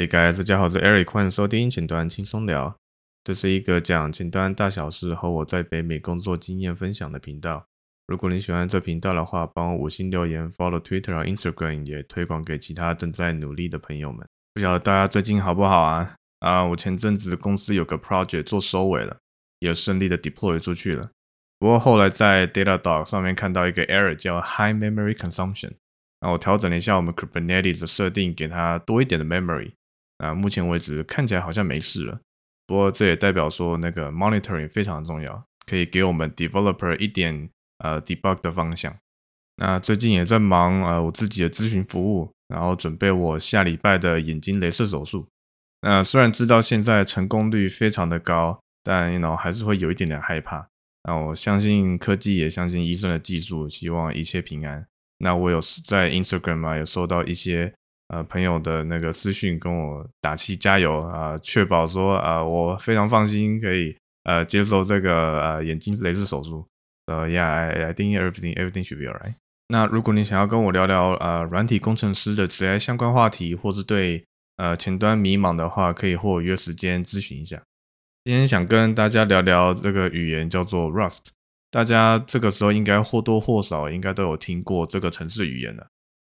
Hey guys，大家好，我是 Eric，歡迎收聽前端輕鬆聊。這是一個講前端大小事和我在北美工作經驗分享的頻道。如果你喜歡這頻道的話，幫我五星留言，follow Twitter、Instagram，也推廣給其他正在努力的朋友們。不曉得大家最近好不好啊？啊，我前陣子公司有個 project 做收尾了，也順利的 deploy 出去了。不過後來在 Datadog 上面看到一個 error 叫 High Memory Consumption，然後、啊、我調整一下我們 Kubernetes 的設定，給它多一點的 memory。啊，目前為止看起來好像沒事了，不過這也代表說那個 monitoring 非常重要，可以給我們 developer 一點呃 debug 的方向。那最近也在忙呃我自己的諮詢服務，然後準備我下禮拜的眼睛鐳射手術。那雖然知道現在成功率非常的高，但然後 you know, 還是會有一點點害怕。那我相信科技也相信醫生的技術，希望一切平安。那我有在 Instagram 啊有收到一些。呃，朋友的那個私訊跟我打氣加油啊，確、呃、保說啊、呃，我非常放心，可以呃接受這個呃眼睛雷射手術。呃、So,，Yeah，I I think everything everything should be alright。 那如果你想要跟我聊聊呃軟體工程師的職業相關話題，或是對呃前端迷茫的話，可以和我約時間諮詢一下。今天想跟大家聊聊這個語言叫做 Rust，大家這個時候應該或多或少應該都有聽過這個程式語言的。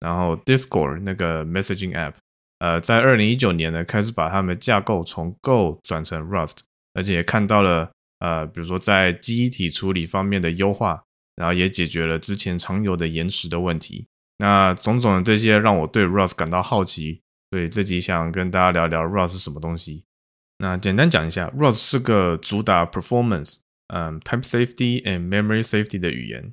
然後 Discord 那個 messaging app，呃，在二零一九年呢，開始把它們的架構從 Go 轉成 Rust，而且也看到了，呃，比如說在記憶體處理方面的優化，然後也解決了之前常有的延遲的問題。那種種的這些讓我對 Rust 感到好奇，所以這集想跟大家聊聊 Rust 是什麼東西。那簡單講一下，Rust 是個主打 performance、呃、嗯 type safety and memory safety 的語言。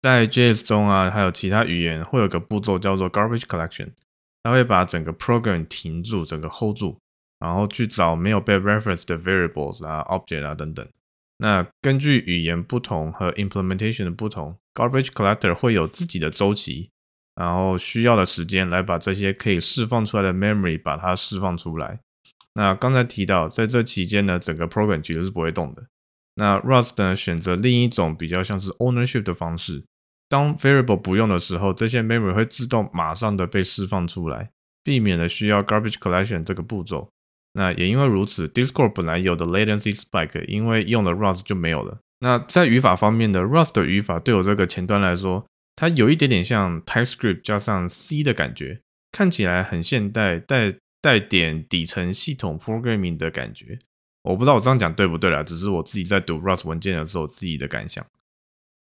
在 JS 中啊，還有其他語言，會有個步驟叫做 garbage collection，它會把整個 program 停住，整個 hold 住，然後去找沒有被 reference 的 variables 啊、object 啊等等。那根據語言不同和 implementation 的不同，garbage collector 會有自己的周期，然後需要的時間來把這些可以釋放出來的 memory 把它釋放出來。那剛才提到，在這期間呢，整個 program 其實是不會動的。那 Rust 呢？選擇另一種比較像是 ownership 的方式。當 variable 不用的時候，這些 memory 會自動馬上的被釋放出來，避免了需要 garbage collection 這個步驟。那也因為如此，Discord 本來有的 latency spike，因為用了 Rust 就沒有了。那在語法方面呢，Rust 的語法，對我這個前端來說，它有一點點像 TypeScript 加上 C 的感覺，看起來很現代，帶帶點底層系統 programming 的感覺。我不知道我這樣講對不對啦，只是我自己在讀 Rust 文件的時候，自己的感想。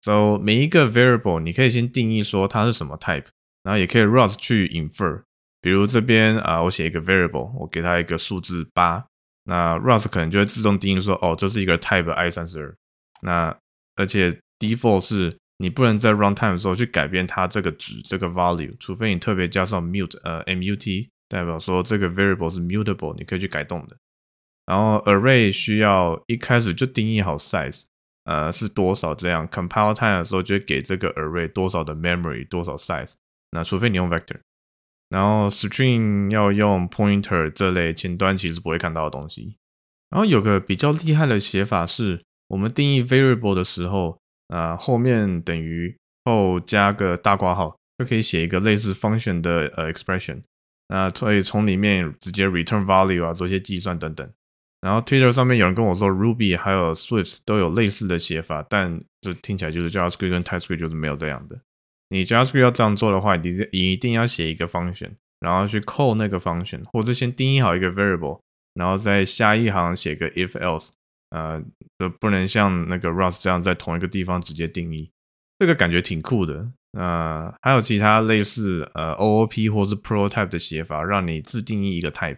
So, 每一個 variable 你可以先定義說它是什麼 type，然後也可以 Rust 去 infer。比如這邊啊、呃，我寫一個 variable，我給它一個數字八，那 Rust 可能就會自動定義說，哦，這是一個 type i32。那而且 default 是你不能在 runtime 的時候去改變它這個值，這個 value，除非你特別加上 mute，呃 mut，代表說這個 variable 是 mutable，你可以去改動的。然後 array 需要一開始就定義好 size，呃，是多少這樣 compile time 的時候就會給這個 array 多少的 memory，多少 size。那除非你用 vector。然後 string 要用 pointer 這類前端其實不會看到的東西。然後有個比較厲害的寫法是，我們定義 variable 的時候，呃，後面等於後加個大括號，就可以寫一個類似 function 的呃 expression，那可以從裡面直接 return value 啊，做一些計算等等。然後 Twitter 上面有人跟我說 Ruby 還有 Swift 都有類似的寫法，但這聽起來就是 JavaScript 跟 TypeScript 就是沒有這樣的。你 JavaScript 要這樣做的話，你你一定要寫一個 function，然後去 call 那個 function，或者先定義好一個 variable，然後在下一行寫個 if else，呃，就不能像那個 Rust 這樣在同一個地方直接定義。這個感覺挺酷的。呃，還有其他類似呃 OOP 或是 prototype 的寫法，讓你自定義一個 type。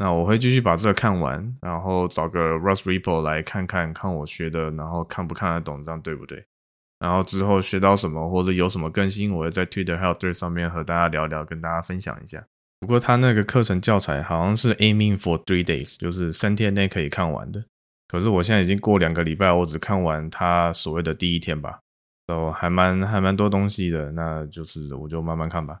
那我會繼續把這個看完，然後找個 Rust repo 來看看看我學的，然後看不看得懂，這樣對不對？然後之後學到什麼或者有什麼更新，我會在 Twitter health 上面和大家聊聊，跟大家分享一下。不過他那個課程教材好像是 aiming for three days，就是三天內可以看完的。可是我現在已經過兩個禮拜，我只看完他所謂的第一天吧，都、so，還蠻還蠻多東西的。那就是我就慢慢看吧。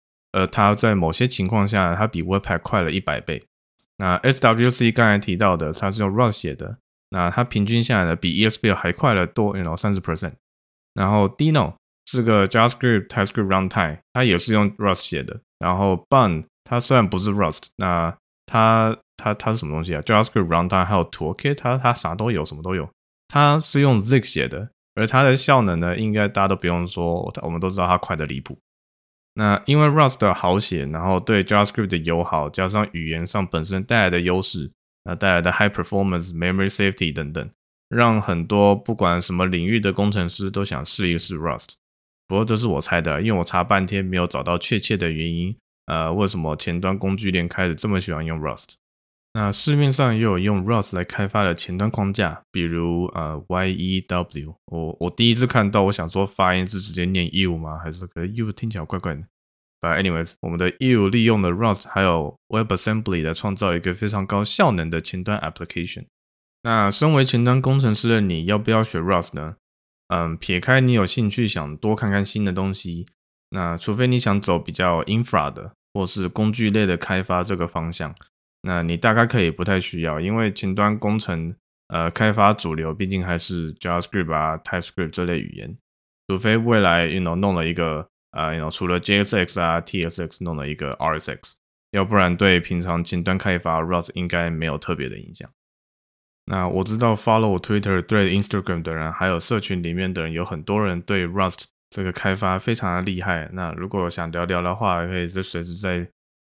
呃，而它在某些情況下，它比 Webpack 快了一百倍。那 SWC 剛才提到的，它是用 Rust 寫的，那它平均下來呢，比 esbuild 還快了多，you know，三十 percent。然後 Dino 是個 JavaScript、TypeScript Runtime，它也是用 Rust 寫的。然後 Bun，它雖然不是 Rust，那它它它，它是什麼東西啊？JavaScript Runtime 還有 Toolkit，它它啥都有，什麼都有。它是用 Zig 寫的，而它的效能呢，應該大家都不用說，我們都知道它快得離譜。那因為 Rust 的好寫，然後對 JavaScript 的友好，加上語言上本身帶來的優勢，那帶來的 high performance、memory safety 等等，讓很多不管什麼領域的工程師都想試一試 Rust。不過這是我猜的，因為我查半天沒有找到確切的原因。呃，為什麼前端工具鏈開始這麼喜歡用 Rust？那市面上也有用 Rust 來開發的前端框架，比如呃 Yew。Y e、w，我我第一次看到，我想說，發音是直接念 U、e、嗎？還是可能 U、e、聽起來怪怪的？But anyways，我們的 U、e、利用了 Rust 還有 WebAssembly 來創造一個非常高效能的前端 application。那身為前端工程師的你，要不要學 Rust 呢？嗯，撇開你有興趣想多看看新的東西，那除非你想走比較 infra 的，或是工具類的開發這個方向。那你大概可以不太需要，因為前端工程呃開發主流畢竟還是 JavaScript 啊 TypeScript 這類語言，除非未來 you know 弄了一個呃 you know 除了 JSX 啊 TSX 弄了一個 r s x 要不然對平常前端開發 Rust 應該沒有特別的影響。那我知道 follow Twitter 對 Instagram 的人，還有社群裡面的人有很多人對 Rust 這個開發非常的厲害。那如果想聊聊的話，可以就隨時在。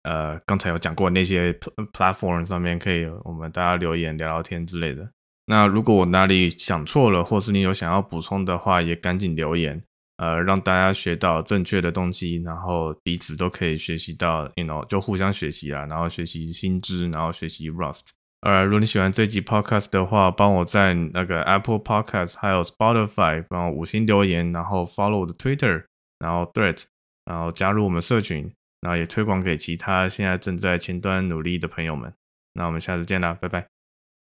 呃，剛才有講過那些 platform 上面可以我們大家留言聊聊天之類的。那如果我哪裡想錯了，或是你有想要補充的話，也趕緊留言，呃，讓大家學到正確的東西，然後彼此都可以學習到，你 you know 就互相學習啊，然後學習新知，然後學習 Rust。呃，如果你喜歡這集 podcast 的話，幫我在那個 Apple Podcast 還有 Spotify 幫我五星留言，然後 follow 我的 Twitter，然後 Thread，然後加入我們社群。那也推廣給其他現在正在前端努力的朋友們。那我們下次見啦，拜拜。